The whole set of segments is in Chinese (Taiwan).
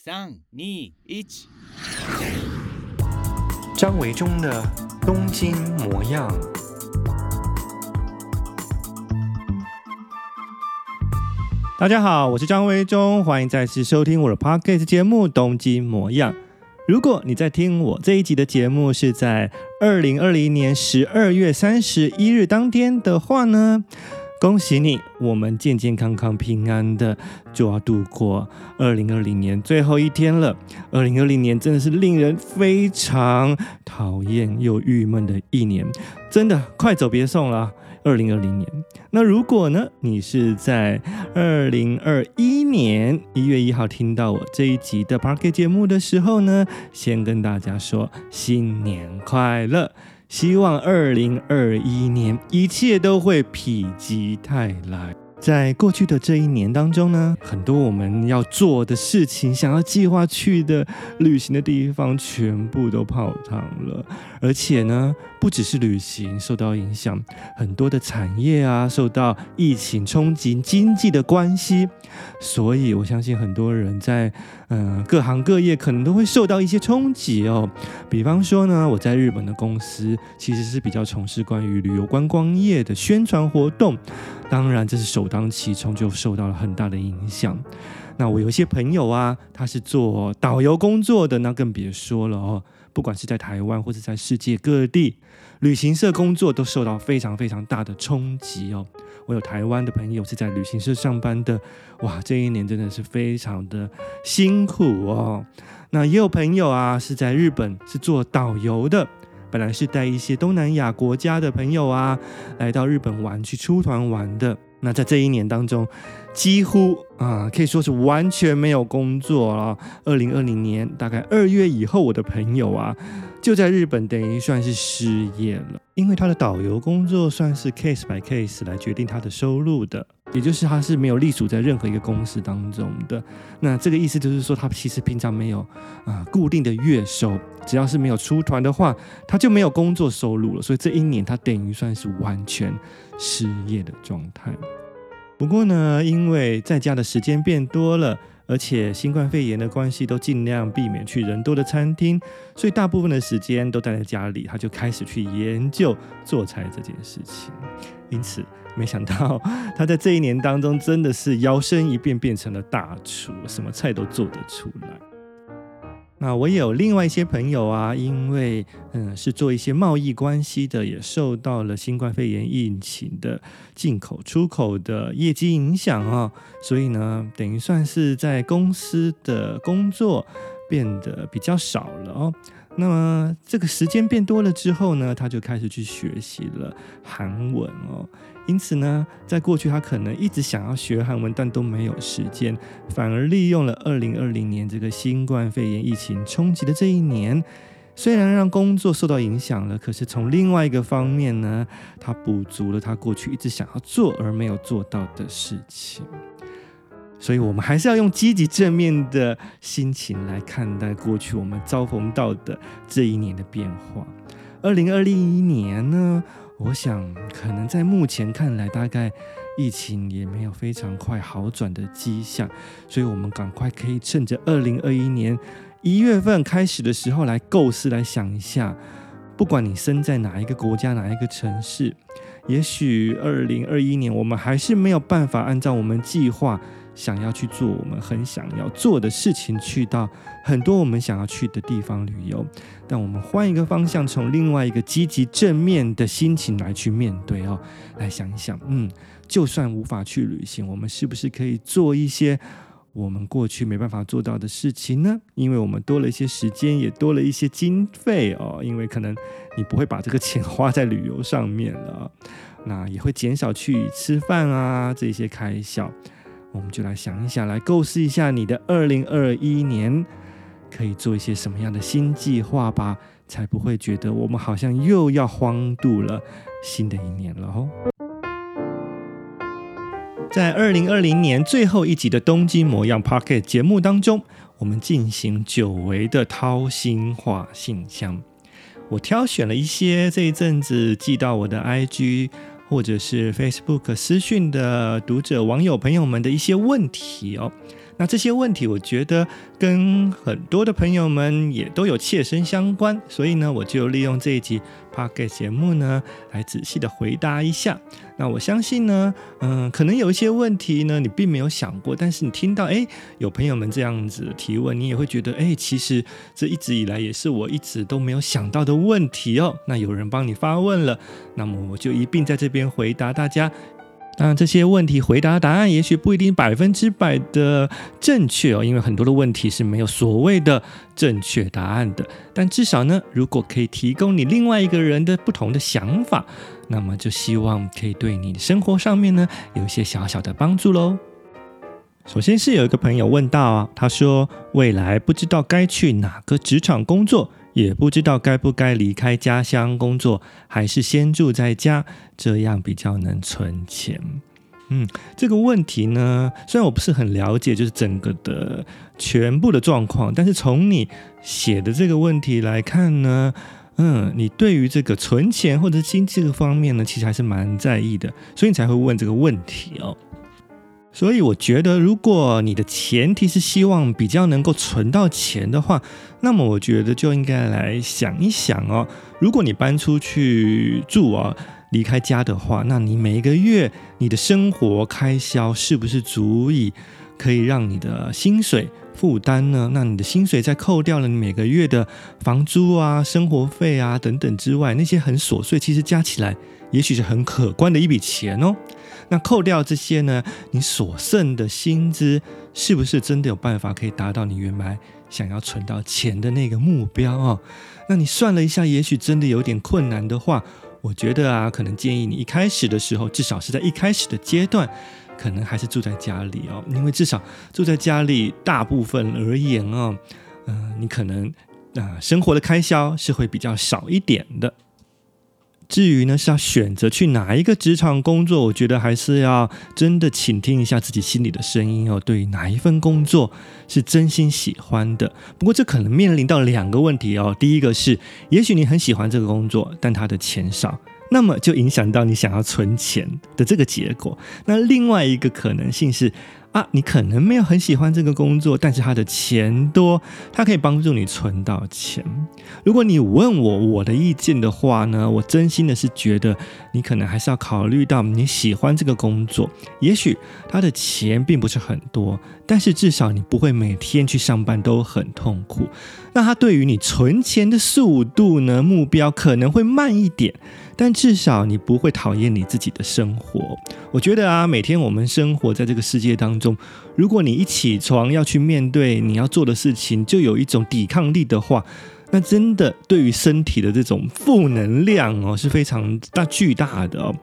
o n 三、二、一，張維中的《東京模樣》。大家好，我是張維中，歡迎再次收聽我的 Podcast 節目《東京模樣》。如果你在聽我這一集的節目是在二零二零年十二月三十一日當天的話呢，恭喜你，我們健健康康、平安的就要度過二零二零年最後一天了。二零二零年真的是令人非常討厭又鬱悶的一年，真的快走別送了。二零二零年，那如果呢，你是在二零二一年一月一號聽到我這一集的 Podcast 節目的時候呢，先跟大家說新年快樂。希望二零二一年一切都會否極泰來。在過去的這一年當中呢，很多我們要做的事情、想要計劃去的旅行的地方，全部都泡湯了。而且呢。不只是旅行受到影響，很多的產業啊受到疫情衝擊，經濟的關係，所以我相信很多人在嗯、呃、各行各業可能都會受到一些衝擊哦。比方說呢，我在日本的公司其實是比較從事關於旅遊觀光業的宣傳活動，當然這是首當其衝就受到了很大的影響。那我有些朋友啊，他是做導遊工作的，那更別說了哦。不管是在台灣或是在世界各地，旅行社工作都受到非常非常大的衝擊哦。我有台灣的朋友是在旅行社上班的，哇，這一年真的是非常的辛苦哦。那也有朋友啊是在日本是做導遊的，本來是帶一些東南亞國家的朋友啊來到日本玩，去出團玩的。那在這一年當中，幾乎啊可以說是完全沒有工作了。二零二零年大概二月以後，我的朋友啊就在日本等於算是失業了，因為他的導遊工作算是 case by case 來決定他的收入的。也就是他是沒有隸屬在任何一個公司當中的，那這個意思就是說，他其實平常沒有啊、呃、固定的月收，只要是沒有出團的話，他就沒有工作收入了。所以這一年，他等於算是完全失業的狀態。不過呢，因為在家的時間變多了，而且新冠肺炎的關係，都盡量避免去人多的餐廳，所以大部分的時間都待在家裡，他就開始去研究做菜這件事情，因此，沒想到他在這一年當中真的是搖身一變，變成了大廚，什麼菜都做得出來。那我有另外一些朋友啊，因為嗯是做一些貿易關係的，也受到了新冠肺炎疫情的進口出口的業績影響啊，哦，所以呢，等於算是在公司的工作變得比較少了哦。那麼這個時間變多了之後呢，他就開始去學習了韓文哦。因此呢，在過去他可能一直想要學韓文，但都沒有時間，反而利用了二零二零年這個新冠肺炎疫情衝擊的這一年，雖然讓工作受到影響了，可是從另外一個方面呢，他補足了他過去一直想要做而沒有做到的事情。所以，我們還是要用積極正面的心情來看待過去我們遭逢到的這一年的變化。二零二一年呢？我想，可能在目前看來，大概疫情也沒有非常快好轉的跡象，所以我們趕快可以趁着二零二一年一月份開始的時候來構思、來想一下，不管你身在哪一個國家、哪一個城市，也許二零二一年我們還是沒有辦法按照我們計劃想要去做我們很想要做的事情，去到。很多我們想要去的地方旅遊，但我們換一個方向，從另外一個積極正面的心情來去面對哦。來想一想，嗯，就算無法去旅行，我們是不是可以做一些我們過去沒辦法做到的事情呢？因為我們多了一些時間，也多了一些經費哦。因為可能你不會把這個錢花在旅遊上面了哦，那也會減少去吃飯啊這些開銷。我們就來想一想，來構思一下你的二零二一年。可以做一些什麼樣的新計劃吧！才不會覺得我們好像又要荒度了新的一年了哦。在二零二零年最後一集的《東京模樣》Pocket 節目當中，我們進行久違的掏心話信箱。我挑選了一些這一陣子寄到我的 IG 或者是 Facebook 私訊的讀者網友朋友們的一些問題哦。那這些問題，我覺得跟很多的朋友們也都有切身相關，所以呢，我就利用這一集 podcast 節目呢，來仔細的回答一下。那我相信呢，嗯、呃，可能有一些問題呢，你並沒有想過，但是你聽到，誒、欸，有朋友們這樣子的提問，你也會覺得，誒、欸，其實這一直以來也是我一直都沒有想到的問題哦。那有人幫你發問了，那麼我就一併在這邊回答大家。那、啊、這些問題回答，答案也許不一定百分之百的正確哦，因為很多的問題是沒有所謂的正確答案的。但至少呢，如果可以提供你另外一個人的不同的想法，那麼就希望可以對你生活上面呢，有一些小小的幫助嘍。首先是有一個朋友問到，啊，他說未來不知道該去哪個職場工作。也不知道該不該離開家鄉工作，還是先住在家，這樣比較能存錢。嗯，這個問題呢，雖然我不是很了解，就是整個的全部的狀況，但是從你寫的這個問題來看呢，嗯，你對於這個存錢或者經濟的方面呢，其實還是蠻在意的，所以你才會問這個問題哦。所以我覺得，如果你的前提是希望比較能夠存到錢的話，那麼我覺得就應該來想一想哦。如果你搬出去住啊，離開家的話，那你每個月你的生活開銷是不是足以可以讓你的薪水負擔呢？那你的薪水在扣掉了你每個月的房租啊、生活費啊等等之外，那些很瑣碎，其實加起來也許是很可觀的一筆錢哦。那扣掉這些呢，你所剩的薪資是不是真的有辦法可以達到你原來想要存到錢的那個目標哦？那你算了一下，也許真的有點困難的話，我覺得啊，可能建議你一開始的時候，至少是在一開始的階段，可能還是住在家裡哦，因為至少住在家裡，大部分而言哦，嗯，呃，你可能啊，呃，生活的開銷是會比較少一點的。至於呢，是要選擇去哪一個職場工作，我覺得還是要真的傾聽一下自己心裡的聲音哦，對於哪一份工作是真心喜歡的。不過這可能面臨到兩個問題哦，第一個是，也許你很喜歡這個工作，但它的錢少，那麼就影響到你想要存錢的這個結果。那另外一個可能性是，啊，你可能沒有很喜歡這個工作，但是他的錢多，他可以幫助你存到錢。如果你問我我的意見的話呢，我真心的是覺得。你可能還是要考慮到你喜歡這個工作，也許他的錢並不是很多，但是至少你不會每天去上班都很痛苦。那他對於你存錢的速度呢，目標可能會慢一點，但至少你不會討厭你自己的生活。我覺得啊，每天我們生活在這個世界當中，如果你一起床要去面對你要做的事情，就有一種抵抗力的話，那真的對於身體的這種負能量哦是非常大巨大的哦，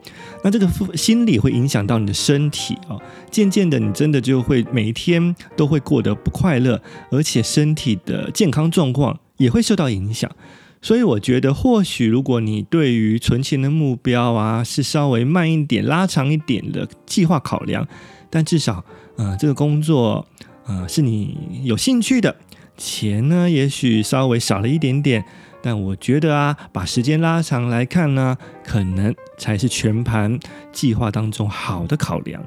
那這個負心理會影響到你的身體哦，漸漸的你真的就會每一天都會過得不快樂，而且身體的健康狀況也會受到影響。所以我覺得，或許如果你對於存錢的目標啊是稍微慢一點、拉長一點的計劃考量，但至少，啊、呃、這個工作啊、呃、是你有興趣的。錢呢，也許稍微少了一點點，但我覺得啊，把時間拉長來看呢，可能才是全盤計劃當中好的考量。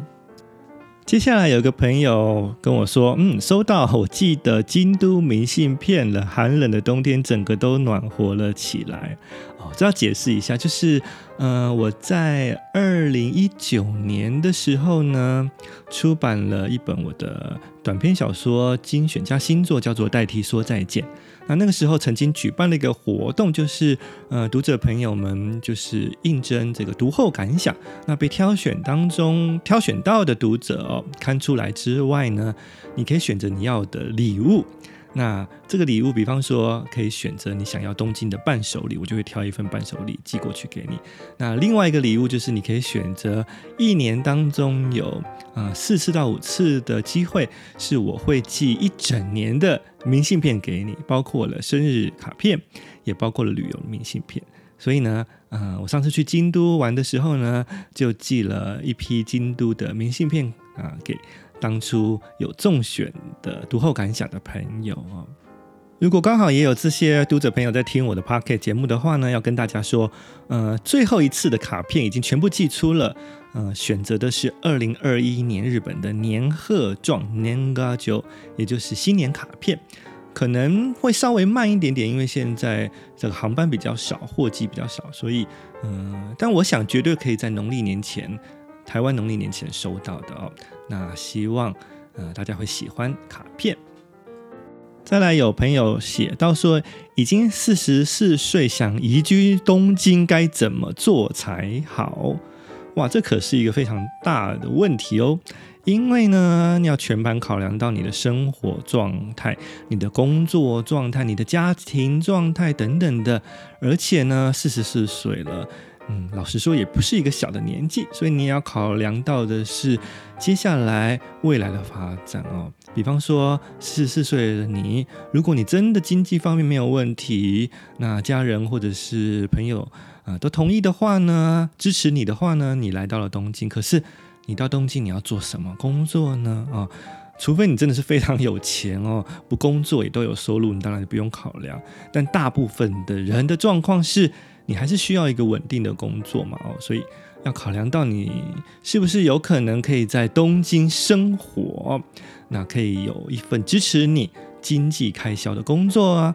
接下來有個朋友跟我說：“嗯，收到我寄的京都明信片了，寒冷的冬天整個都暖和了起來。”哦，這要解釋一下，就是，呃，我在二零一九年的時候呢，出版了一本我的短篇小說精選加新作，叫做《代替說再見》。那那個時候曾經舉辦了一個活動，就是呃讀者朋友們就是應徵這個讀後感想，那被挑選當中挑選到的讀者哦，看出來之外呢，你可以選擇你要的禮物。那這個禮物，比方說可以選擇你想要東京的伴手禮，我就會挑一份伴手禮寄過去給你。那另外一個禮物就是你可以選擇一年當中有啊四次到五次的機會，是我會寄一整年的明信片給你，包括了生日卡片，也包括了旅遊的明信片。所以呢，啊、呃，我上次去京都玩的時候呢，就寄了一批京都的明信片啊、呃、給。當初有中選的讀後感想的朋友啊，如果剛好也有這些讀者朋友在聽我的 Podcast 節目的話呢，要跟大家說，呃，最後一次的卡片已經全部寄出了，呃，選擇的是二零二一年日本的年賀狀年ガジョ，也就是新年卡片，可能會稍微慢一點點，因為現在這個航班比較少，貨機比較少，所以，嗯、呃，但我想絕對可以在農曆年前。台灣農曆年前收到的哦，那希望呃大家會喜歡卡片。再來有朋友寫到說，已經四十四歲，想移居東京，該怎麼做才好？哇，這可是一個非常大的問題哦，因為呢，你要全盤考量到你的生活狀態、你的工作狀態、你的家庭狀態等等的，而且呢，四十四歲了。嗯，老實說也不是一個小的年紀，所以你也要考量到的是接下來未來的發展哦。比方說四十四歲的你，如果你真的經濟方面沒有問題，那家人或者是朋友啊、呃、都同意的話呢，支持你的話呢，你來到了東京。可是你到東京你要做什麼工作呢？啊、哦，除非你真的是非常有錢哦，不工作也都有收入，你當然不用考量。但大部分的人的狀況是。你還是需要一個穩定的工作嘛。哦，所以要考量到你是不是有可能可以在東京生活，那可以有一份支持你經濟開銷的工作啊。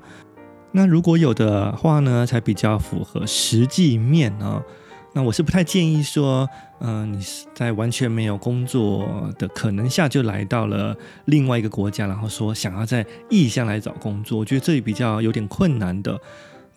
那如果有的話呢，才比較符合實際面呢、哦。那我是不太建議說，嗯、呃，你是在完全沒有工作的可能下就來到了另外一個國家，然後說想要在異鄉來找工作，我覺得這裡比較有點困難的。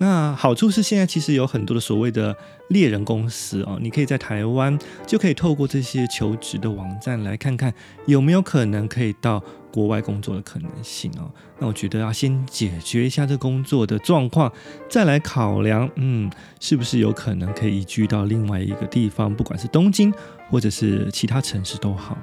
那好處是，現在其實有很多的所謂的獵人公司哦，你可以在台灣就可以透過這些求職的網站來看看有沒有可能可以到國外工作的可能性哦。那我覺得要先解決一下這工作的狀況，再來考量，嗯，是不是有可能可以移居到另外一個地方，不管是東京或者是其他城市都好。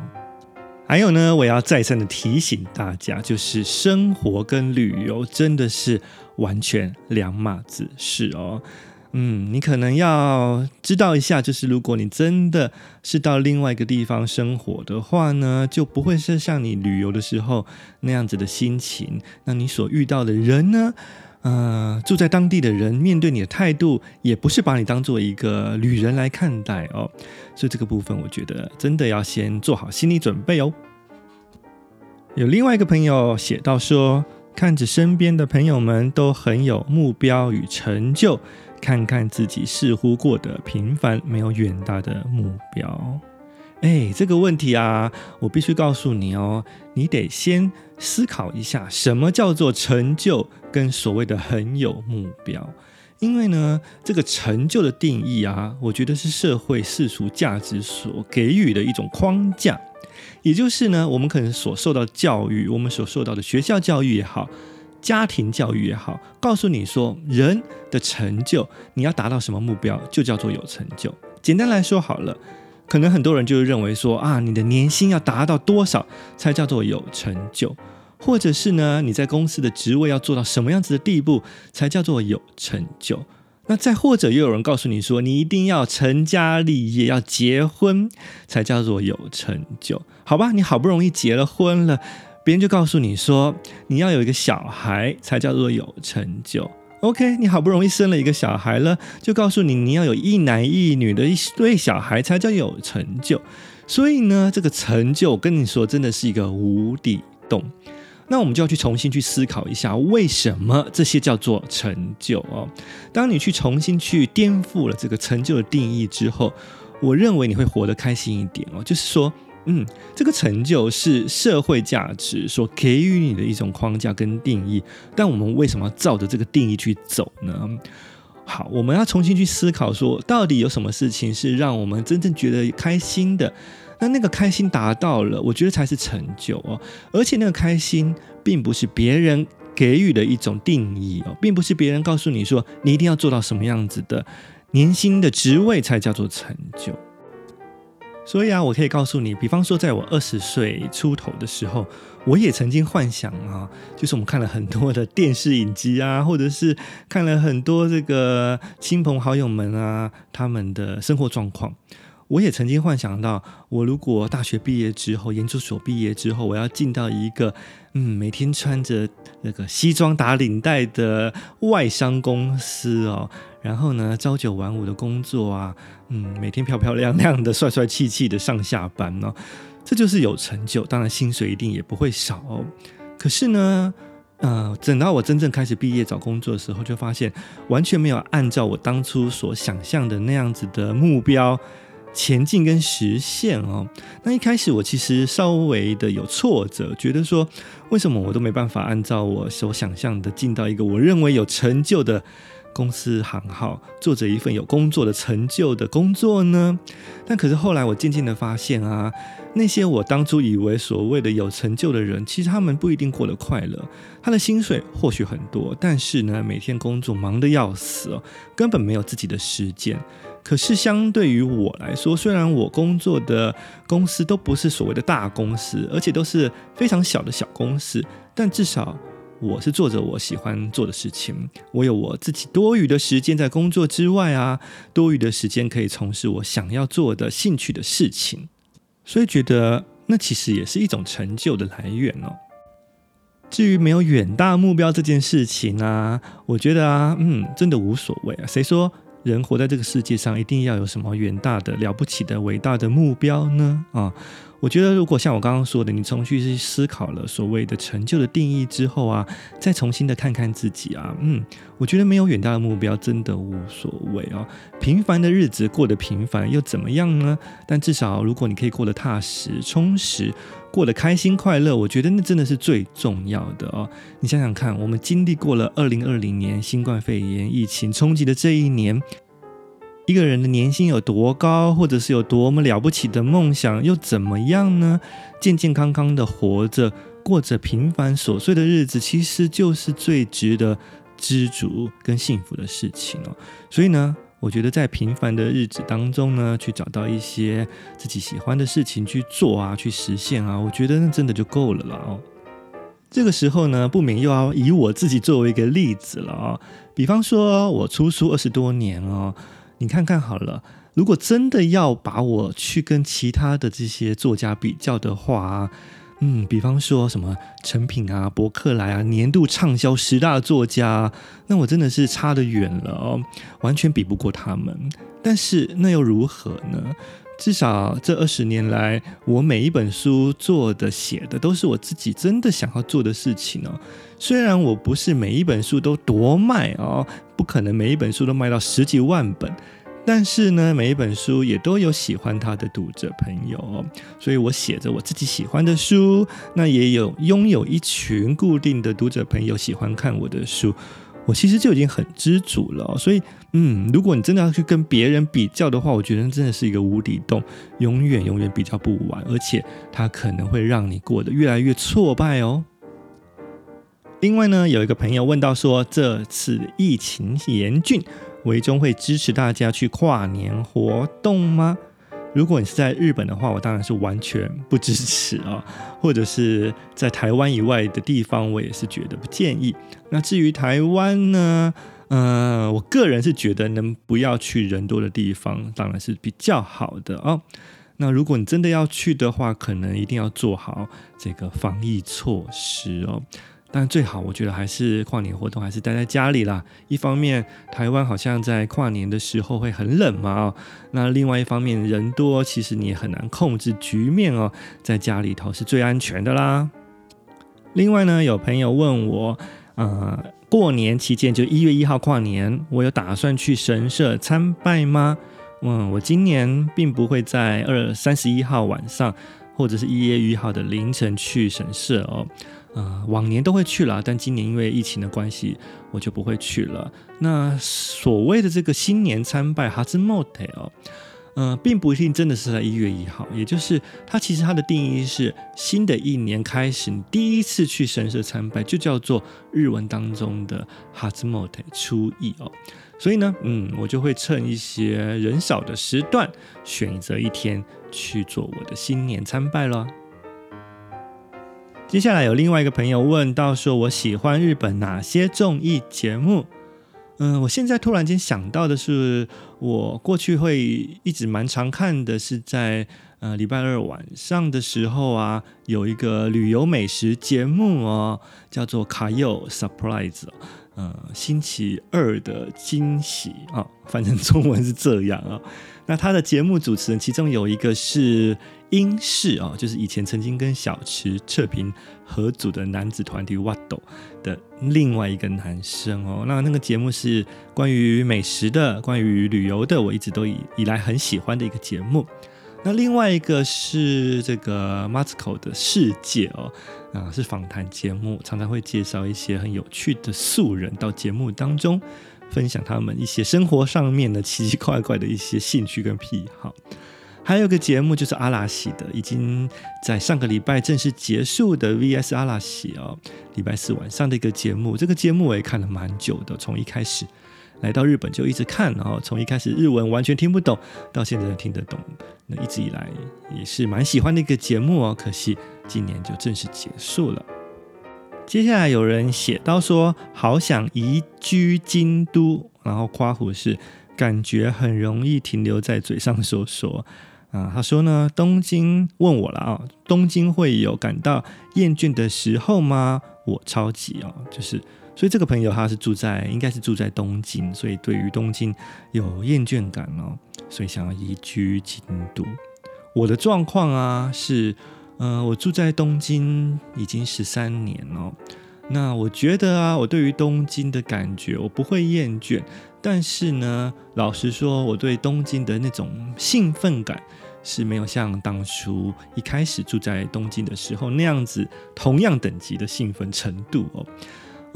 還有呢，我要再三的提醒大家，就是生活跟旅遊真的是。完全兩碼子事哦，嗯，你可能要知道一下，就是如果你真的是到另外一個地方生活的話呢，就不會是像你旅遊的時候那樣子的心情。那你所遇到的人呢，呃，住在當地的人面對你的態度，也不是把你當做一個旅人來看待哦。所以這個部分，我覺得真的要先做好心理準備哦。有另外一個朋友寫到說。看着身邊的朋友們都很有目標與成就，看看自己似乎過得平凡，沒有遠大的目標。誒，這個問題啊，我必須告訴你哦，你得先思考一下，什麼叫做成就跟所謂的很有目標？因為呢，這個成就的定義啊，我覺得是社會世俗價值所給予的一種框架。也就是呢，我們可能所受到教育，我們所受到的學校教育也好，家庭教育也好，告訴你說人的成就，你要達到什麼目標，就叫做有成就。簡單來說好了，可能很多人就會認為說，啊，你的年薪要達到多少才叫做有成就，或者是呢，你在公司的職位要做到什麼樣子的地步才叫做有成就。那再或者，又有人告訴你說，你一定要成家立業，要結婚，才叫做有成就，好吧？你好不容易結了婚了，別人就告訴你說，你要有一個小孩才叫做有成就。OK，你好不容易生了一個小孩了，就告訴你，你要有一男一女的一對小孩才叫有成就。所以呢，這個成就，跟你說，真的是一個無底洞。那我們就要去重新去思考一下，為什麼這些叫做成就哦？當你去重新去顛覆了這個成就的定義之後，我認為你會活得開心一點哦。就是說，嗯，這個成就是社會價值所給予你的一種框架跟定義，但我們為什麼要照着這個定義去走呢？好，我們要重新去思考說，說到底有什麼事情是讓我們真正覺得開心的？那那個開心達到了，我覺得才是成就哦。而且那個開心，並不是別人給予的一種定義哦，並不是別人告訴你說你一定要做到什麼樣子的年薪的職位才叫做成就。所以啊，我可以告訴你，比方說在我二十歲出頭的時候，我也曾經幻想啊，就是我們看了很多的電視影集啊，或者是看了很多這個親朋好友們啊，他們的生活狀況。我也曾經幻想到，我如果大學畢業之後，研究所畢業之後，我要進到一個嗯，每天穿着那個西裝打領帶的外商公司哦，然後呢，朝九晚五的工作啊，嗯，每天漂漂亮亮的、帥帥氣氣的上下班哦，這就是有成就，當然薪水一定也不會少哦。可是呢，呃，等到我真正開始畢業找工作的時候，就發現完全沒有按照我當初所想象的那樣子的目標。前進跟實現哦，那一開始我其實稍微的有挫折，覺得說為什麼我都沒辦法按照我所想象的進到一個我認為有成就的公司行號，做着一份有工作的成就的工作呢？但可是後來我漸漸的發現啊，那些我當初以為所謂的有成就的人，其實他們不一定過得快樂。他的薪水或許很多，但是呢，每天工作忙得要死哦，根本沒有自己的時間。可是相對於我來說，雖然我工作的公司都不是所謂的大公司，而且都是非常小的小公司，但至少我是做着我喜歡做的事情，我有我自己多餘的時間在工作之外啊，多餘的時間可以從事我想要做的興趣的事情，所以覺得那其實也是一種成就的來源哦。至於沒有遠大目標這件事情啊，我覺得啊，嗯，真的無所謂啊，誰說？人活在這個世界上，一定要有什麼遠大的、了不起的、偉大的目標呢？啊，我覺得如果像我剛剛說的，你重新去思考了所謂的成就的定義之後啊，再重新的看看自己啊，嗯，我覺得沒有遠大的目標真的無所謂啊。平凡的日子過得平凡又怎麼樣呢？但至少如果你可以過得踏實、充實。過得開心快樂，我覺得那真的是最重要的哦。你想想看，我們經歷過了二零二零年新冠肺炎疫情衝擊的這一年，一個人的年薪有多高，或者是有多麼了不起的夢想，又怎麼樣呢？健健康康的活着，過着平凡瑣碎的日子，其實就是最值得知足跟幸福的事情哦。所以呢。我覺得在平凡的日子當中呢，去找到一些自己喜歡的事情去做啊，去實現啊，我覺得那真的就夠了啦哦。這個時候呢，不免又要以我自己作為一個例子了啊哦。比方說，我出書二十多年哦，你看看好了，如果真的要把我去跟其他的這些作家比較的話啊。嗯，比方說什麼誠品啊、博客來啊、年度暢銷十大作家，那我真的是差得遠了哦，完全比不過他們。但是那又如何呢？至少這二十年來，我每一本書做的寫的都是我自己真的想要做的事情哦。雖然我不是每一本書都多賣哦，不可能每一本書都賣到十幾萬本。但是呢，每一本書也都有喜歡他的讀者朋友哦，所以我寫着我自己喜歡的書，那也有擁有一群固定的讀者朋友喜歡看我的書，我其實就已經很知足了哦。所以，嗯，如果你真的要去跟別人比較的話，我覺得真的是一個無底洞，永遠永遠比較不完，而且它可能會讓你過得越來越挫敗哦。另外呢，有一個朋友問到說，這次疫情嚴峻。維中會支持大家去跨年活動嗎？如果你是在日本的話，我當然是完全不支持哦。或者是在台灣以外的地方，我也是覺得不建議。那至於台灣呢？嗯、呃，我個人是覺得能不要去人多的地方，當然是比較好的哦。那如果你真的要去的話，可能一定要做好這個防疫措施哦。但最好，我覺得還是跨年活動還是待在家裡啦。一方面，台灣好像在跨年的時候會很冷嘛，哦。那另外一方面，人多，其實你也很難控制局面哦。在家裡頭是最安全的啦。另外呢，有朋友問我，呃，過年期間就一月一號，跨年，我有打算去神社參拜嗎？嗯，我今年並不會在二三十一號晚上，或者是一月一號的凌晨去神社哦。呃，往年都會去啦，但今年因為疫情的關係，我就不會去了。那所謂的這個新年參拜哈茲莫特哦，嗯、啊呃，並不一定真的是在一月一號，也就是它其實它的定義是新的一年開始你第一次去神社參拜，就叫做日文當中的哈茲莫特初詣哦。所以呢，嗯，我就會趁一些人少的時段，選擇一天去做我的新年參拜咯接下來有另外一個朋友問到說：“我喜歡日本哪些綜藝節目？”嗯，我現在突然間想到的是，我過去會一直蠻常看的是在。呃，禮拜二晚上的時候啊，有一個旅遊美食節目哦，叫做《Kayo Surprise》，呃，星期二的驚喜啊，哦，反正中文是這樣啊，哦。那他的節目主持人其中有一個是瑛士啊，哦，就是以前曾經跟小池徹平合組的男子團體 WaT 的另外一個男生哦。那那個節目是關於美食的，關於旅遊的，我一直都以以來很喜歡的一個節目。那另外一個是這個馬斯克的世界哦，啊，是訪談節目，常常會介紹一些很有趣的素人到節目當中，分享他們一些生活上面的奇奇怪怪的一些興趣跟癖好。還有一個節目就是阿拉西的，已經在上個禮拜正式結束的 VS 阿拉西哦，禮拜四晚上的一個節目。這個節目我也看了蠻久的，從一開始。來到日本就一直看，然後從一開始日文完全聽不懂，到現在都聽得懂，那一直以來也是蠻喜歡的一個節目哦。可惜今年就正式結束了。接下來有人寫到說，好想移居京都，然後誇胡是感覺很容易停留在嘴上說說啊、呃。他說呢，東京問我了啊，東京會有感到厭倦的時候嗎？我超級哦，就是。所以這個朋友他是住在，應該是住在東京，所以對於東京有厭倦感哦，所以想要移居京都。我的狀況啊是，呃，我住在東京已經十三年了哦，那我覺得啊，我對於東京的感覺我不會厭倦，但是呢，老實說，我對東京的那種興奮感是沒有像當初一開始住在東京的時候那樣子，同樣等級的興奮程度哦。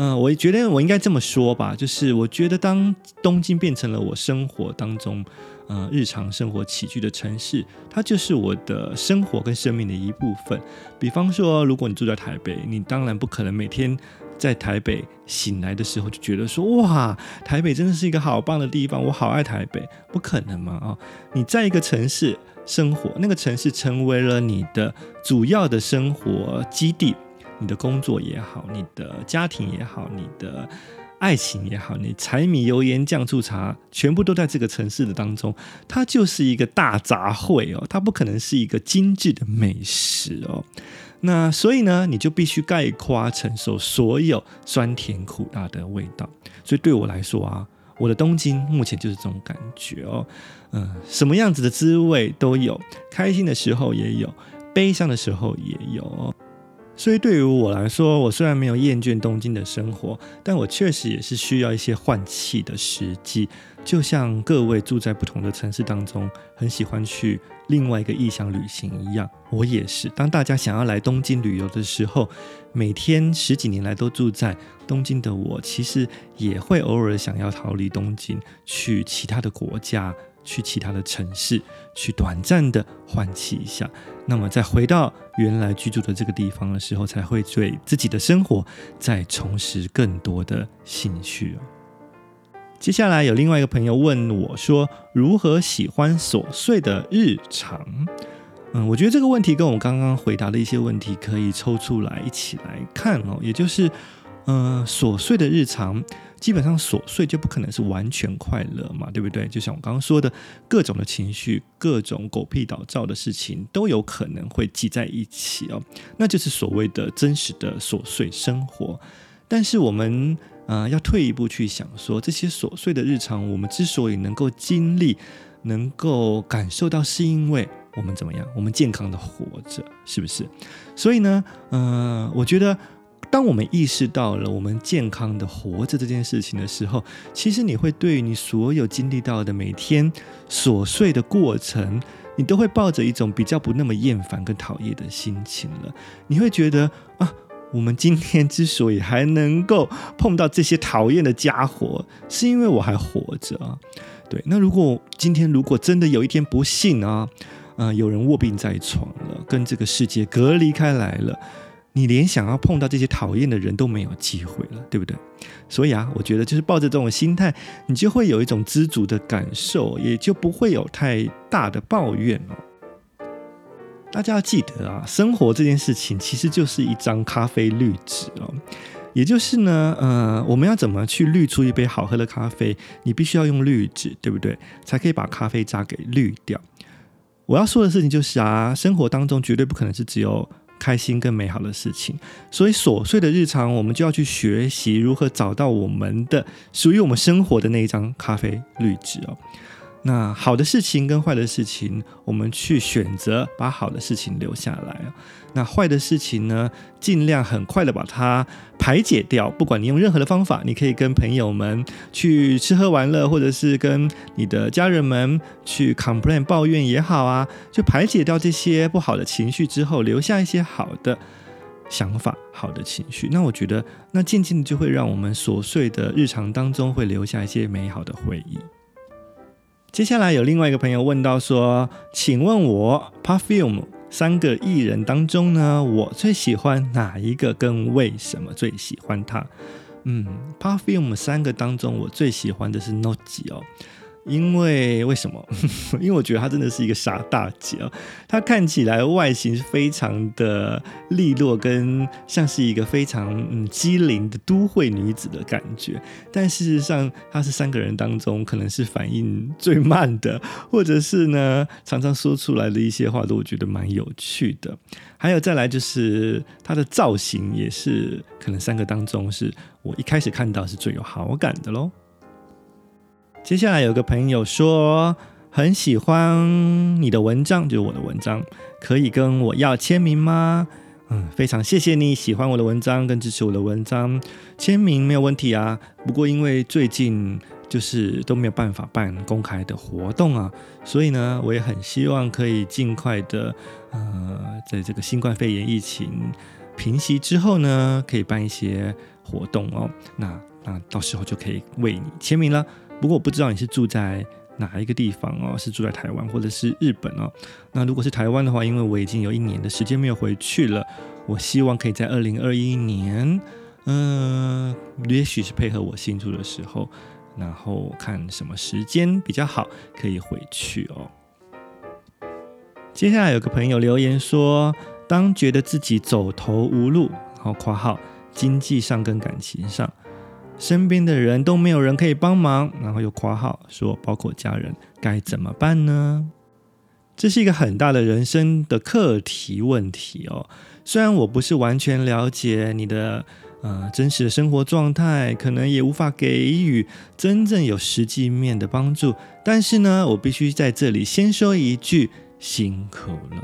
嗯，我也覺得，我應該這麼說吧，就是我覺得當東京變成了我生活當中，呃、嗯，日常生活起居的城市，它就是我的生活跟生命的一部分。比方說，如果你住在台北，你當然不可能每天在台北醒來的時候就覺得說，哇，台北真的是一個好棒的地方，我好愛台北，不可能嘛啊、哦！你在一個城市生活，那個城市成為了你的主要的生活基地。你的工作也好，你的家庭也好，你的愛情也好，你柴米油鹽醬醋茶全部都在這個城市的當中，它就是一個大雜燴哦，它不可能是一個精緻的美食哦。那所以呢，你就必須概括承受所有酸甜苦辣的味道。所以對我來說啊，我的東京目前就是這種感覺哦，嗯，什麼樣子的滋味都有，開心的時候也有，悲傷的時候也有。所以對於我來說，我雖然沒有厭倦東京的生活，但我確實也是需要一些換氣的時機。就像各位住在不同的城市當中，很喜歡去另外一個異鄉旅行一樣，我也是。當大家想要來東京旅遊的時候，每天十幾年來都住在東京的我，其實也會偶爾想要逃離東京，去其他的國家，去其他的城市，去短暫的換氣一下。那麼，在回到原來居住的這個地方的時候，才會對自己的生活再重拾更多的興趣。接下來，有另外一個朋友問我說：“如何喜歡瑣碎的日常？”嗯，我覺得這個問題跟我剛剛回答的一些問題可以抽出來一起來看哦，也就是。嗯、呃，瑣碎的日常，基本上瑣碎就不可能是完全快樂嘛，對不對？就像我剛剛說的，各種的情緒，各種狗屁倒灶的事情，都有可能會擠在一起哦，那就是所謂的真實的瑣碎生活。但是我們，啊、呃，要退一步去想說，說這些瑣碎的日常，我們之所以能夠經歷，能夠感受到，是因為我們怎麼樣？我們健康的活着，是不是？所以呢，嗯、呃，我覺得。當我們意識到了我們健康的活着這件事情的時候，其實你會對你所有經歷到的每天瑣碎的過程，你都會抱着一種比較不那麼厭煩跟討厭的心情了。你會覺得啊，我們今天之所以還能夠碰到這些討厭的傢伙，是因為我還活着啊。對，那如果今天如果真的有一天不幸啊，啊、呃，有人臥病在床了，跟這個世界隔離開來了。你連想要碰到這些討厭的人都沒有機會了，對不對？所以啊，我覺得就是抱着這種心態，你就會有一種知足的感受，也就不會有太大的抱怨哦。大家要記得啊，生活這件事情其實就是一張咖啡濾紙哦，也就是呢，呃，我們要怎麼去濾出一杯好喝的咖啡？你必須要用濾紙，對不對？才可以把咖啡渣給濾掉。我要說的事情就是啊，生活當中絕對不可能是只有開心跟美好的事情，所以瑣碎的日常，我們就要去學習如何找到我們的屬於我們生活的那一張咖啡濾紙哦。那好的事情跟壞的事情，我們去選擇把好的事情留下來那壞的事情呢，盡量很快的把它排解掉。不管你用任何的方法，你可以跟朋友們去吃喝玩樂，或者是跟你的家人們去 complain 抱怨也好啊，就排解掉這些不好的情緒之後，留下一些好的想法、好的情緒。那我覺得，那漸漸的就會讓我們瑣碎的日常當中會留下一些美好的回憶。接下來有另外一個朋友問到說：“請問我 perfume。Per ”三個藝人當中呢，我最喜歡哪一個？跟為什麼最喜歡他？嗯，Perfume 三個當中我最喜歡的是 Nocchi 哦。因為為什麼？ 因為我覺得她真的是一個傻大姐啊，哦！她看起來外形非常的利落，跟像是一個非常、嗯、機靈的都會女子的感覺。但事實上，她是三個人當中可能是反應最慢的，或者是呢，常常說出來的一些話都我覺得蠻有趣的。還有再來就是她的造型也是可能三個當中是我一開始看到是最有好感的嘍。接下來有個朋友說，很喜歡你的文章，就是我的文章，可以跟我要簽名嗎？嗯，非常謝謝你喜歡我的文章跟支持我的文章，簽名沒有問題啊。不過因為最近就是都沒有辦法辦公開的活動啊，所以呢，我也很希望可以盡快的呃，在這個新冠肺炎疫情平息之後呢，可以辦一些活動哦。那那到時候就可以為你簽名了。不過我不知道你是住在哪一個地方哦，是住在台灣或者是日本哦。那如果是台灣的話，因為我已經有一年的時間沒有回去了，我希望可以在二零二一年，嗯、呃，也許是配合我新出的時候，然後看什麼時間比較好可以回去哦。接下來有個朋友留言說，當覺得自己走投無路，然後括號經濟上跟感情上。身邊的人都沒有人可以幫忙，然後又括號說包括家人該怎麼辦呢？這是一個很大的人生的課題問題哦。雖然我不是完全了解你的呃真實的生活狀態，可能也無法給予真正有實際面的幫助，但是呢，我必須在這裡先說一句，辛苦了。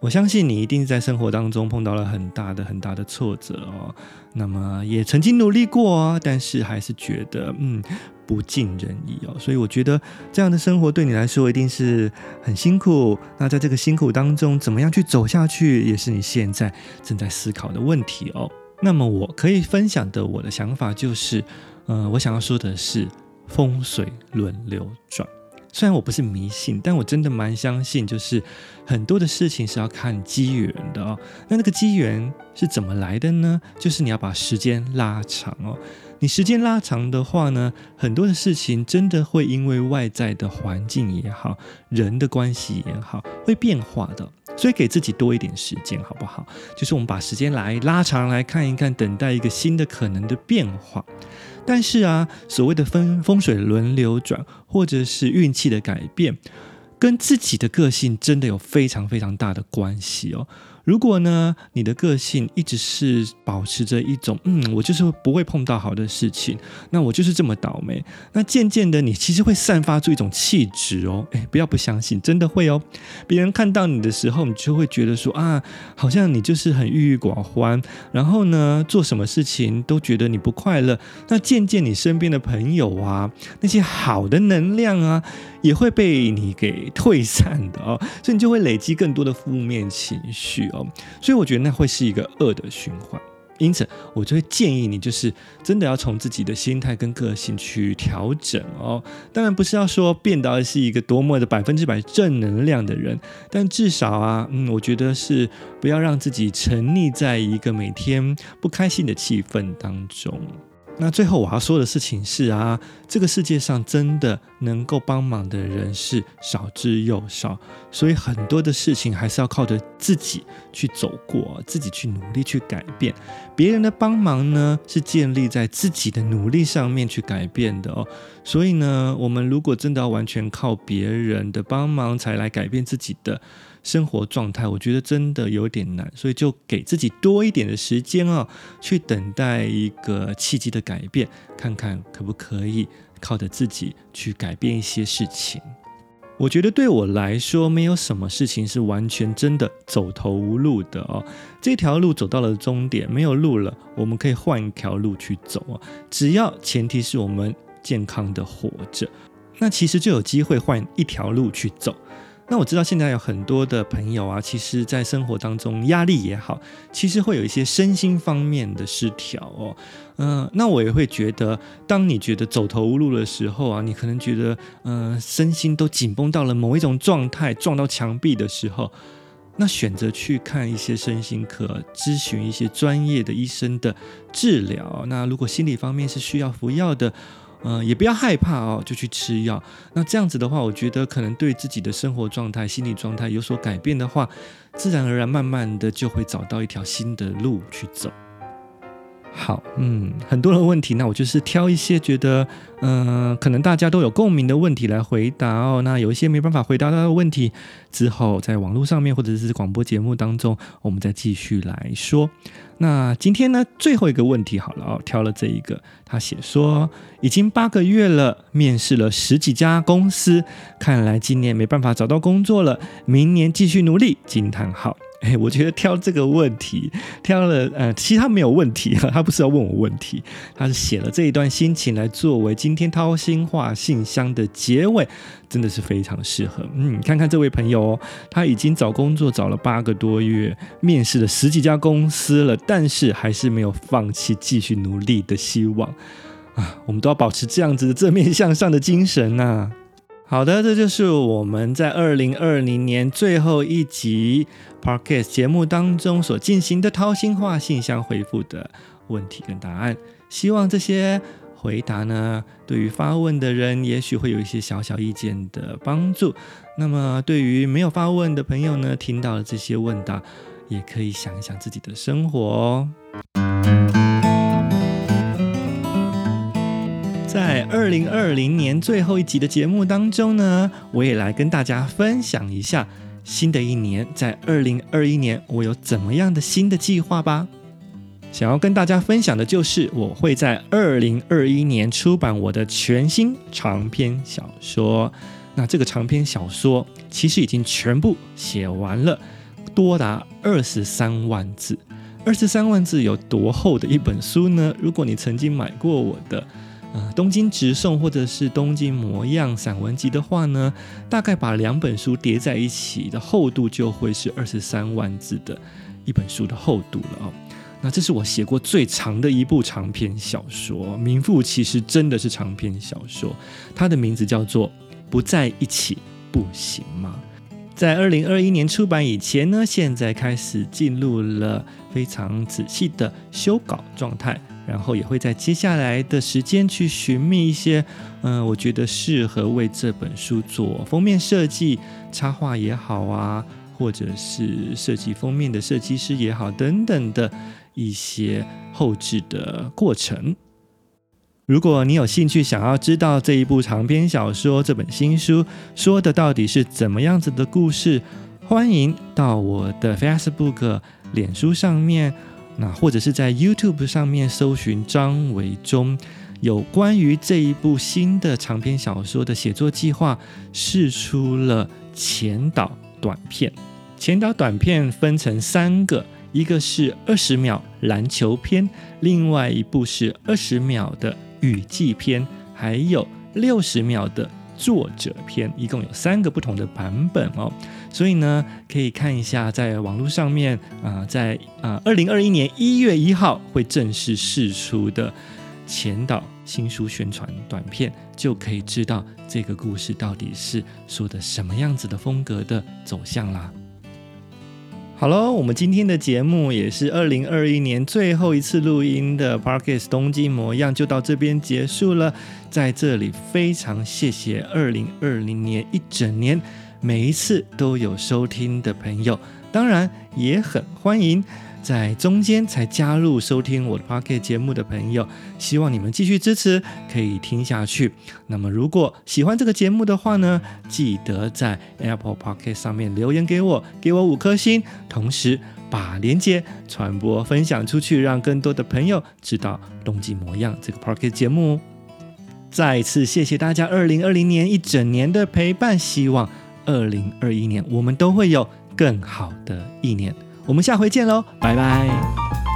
我相信你一定在生活當中碰到了很大的、很大的挫折哦，那麼也曾經努力過哦，但是還是覺得，嗯，不盡人意哦，所以我覺得這樣的生活對你來說一定是很辛苦。那在這個辛苦當中，怎麼樣去走下去，也是你現在正在思考的問題哦。那麼我可以分享的我的想法就是，嗯、呃，我想要說的是風水輪流轉。雖然我不是迷信，但我真的蠻相信，就是很多的事情是要看機緣的哦。那那個機緣是怎麼來的呢？就是你要把時間拉長哦。你時間拉長的話呢，很多的事情真的會因為外在的環境也好，人的關係也好，會變化的。所以給自己多一點時間，好不好？就是我們把時間來拉長來看一看，等待一個新的可能的變化。但是啊，所謂的風風水輪流轉，或者是運氣的改變，跟自己的個性真的有非常非常大的關係哦。如果呢，你的個性一直是保持着一種，嗯，我就是不會碰到好的事情，那我就是這麼倒霉。那漸漸的，你其實會散發出一種氣質哦，誒，不要不相信，真的會哦。別人看到你的時候，你就會覺得說啊，好像你就是很鬱鬱寡歡，然後呢，做什麼事情都覺得你不快樂。那漸漸，你身邊的朋友啊，那些好的能量啊。也會被你給退散的哦，所以你就會累積更多的負面情緒哦。所以我覺得那會是一個惡的循環。因此，我就會建議你，就是真的要從自己的心態跟個性去調整哦。當然，不是要說變到是一個多麼的百分之百正能量的人，但至少啊，嗯，我覺得是不要讓自己沉溺在一個每天不開心的氣氛當中。那最後我要說的事情是啊，這個世界上真的能夠幫忙的人是少之又少，所以很多的事情還是要靠着自己去走過，自己去努力去改變。別人的幫忙呢，是建立在自己的努力上面去改變的哦。所以呢，我們如果真的要完全靠別人的幫忙才來改變自己的，生活狀態，我覺得真的有點難，所以就給自己多一點的時間啊、哦，去等待一個契機的改變，看看可不可以靠着自己去改變一些事情。我覺得對我來說，沒有什麼事情是完全真的走投無路的哦。這條路走到了終點，沒有路了，我們可以換一條路去走啊、哦。只要前提是我們健康的活着，那其實就有機會換一條路去走。那我知道現在有很多的朋友啊，其實在生活當中壓力也好，其實會有一些身心方面的失調哦。嗯、呃，那我也會覺得，當你覺得走投無路的時候啊，你可能覺得，嗯、呃，身心都緊繃到了某一種狀態，撞到牆壁的時候，那選擇去看一些身心科，諮詢一些專業的醫生的治療。那如果心理方面是需要服藥的。嗯，也不要害怕哦，就去吃藥。那這樣子的話，我覺得可能對自己的生活狀態、心理狀態有所改變的話，自然而然慢慢的就會找到一條新的路去走。好，嗯，很多的問題，那我就是挑一些覺得，嗯、呃，可能大家都有共鳴的問題來回答哦。那有一些沒辦法回答到的問題，之後在網絡上面或者是廣播節目當中，我們再繼續來說。那今天呢，最後一個問題好了哦，挑了這一個，他寫說已經八個月了，面試了十幾家公司，看來今年沒辦法找到工作了，明年繼續努力，驚嘆號。哎、欸，我覺得挑這個問題，挑了，呃，其實他沒有問題啊，他不是要問我問題，他是寫了這一段心情來作為今天掏心話信箱的結尾，真的是非常適合。嗯，看看這位朋友哦，他已經找工作找了八個多月，面試了十幾家公司了，但是還是沒有放棄繼續努力的希望啊！我們都要保持這樣子的正面向上的精神啊！好的，這就是我們在二零二零年最後一集 podcast 節目當中所進行的掏心話信箱回復的問題跟答案。希望這些回答呢，對於發問的人，也許會有一些小小意見的幫助。那麼，對於沒有發問的朋友呢，聽到了這些問答，也可以想一想自己的生活哦。在二零二零年最後一集的節目當中呢，我也來跟大家分享一下新的一年，在二零二一年我有怎麼樣的新的計劃吧。想要跟大家分享的就是，我會在二零二一年出版我的全新長篇小說。那這個長篇小說其實已經全部寫完了，多達二十三萬字。二十三萬字有多厚的一本書呢？如果你曾經買過我的。呃，東京直送或者是東京模樣散文集的話呢，大概把兩本書疊在一起的厚度就會是二十三萬字的一本書的厚度了哦。那這是我寫過最長的一部長篇小說，名副其實，真的是長篇小說。它的名字叫做《不在一起不行嗎》。在二零二一年出版以前呢，現在開始進入了非常仔細的修稿狀態。然後也會在接下來的時間去尋覓一些，嗯、呃，我覺得適合為這本書做封面設計、插畫也好啊，或者是設計封面的設計師也好等等的一些後製的過程。如果你有興趣想要知道這一部長篇小說，這本新書說的到底是怎麼樣子的故事，歡迎到我的 Facebook 臉書上面。那或者是在 YouTube 上面搜尋張維中有關於這一部新的長篇小說的寫作計劃，釋出了前導短片。前導短片分成三個，一個是二十秒籃球篇，另外一部是二十秒的雨季篇，還有六十秒的作者篇，一共有三個不同的版本哦。所以呢，可以看一下在網絡上面啊、呃，在啊二零二一年一月一號會正式釋出的前導新書宣傳短片，就可以知道這個故事到底是說的什麼樣子的風格的走向啦。好嘍，我們今天的節目也是二零二一年最後一次錄音的 Podcast 東京模樣就到這邊結束了，在這裡非常謝謝二零二零年一整年。每一次都有收聽的朋友，當然也很歡迎在中間才加入收聽我的 Podcast 節目的朋友。希望你們繼續支持，可以聽下去。那麼，如果喜歡這個節目的話呢，記得在 Apple Podcast 上面留言給我，給我五顆星，同時把鏈接傳播分享出去，讓更多的朋友知道《東京模樣》這個 Podcast 節目哦。再次謝謝大家二零二零年一整年的陪伴，希望。二零二一年，我們都會有更好的一年。我們下回見嘍，拜拜。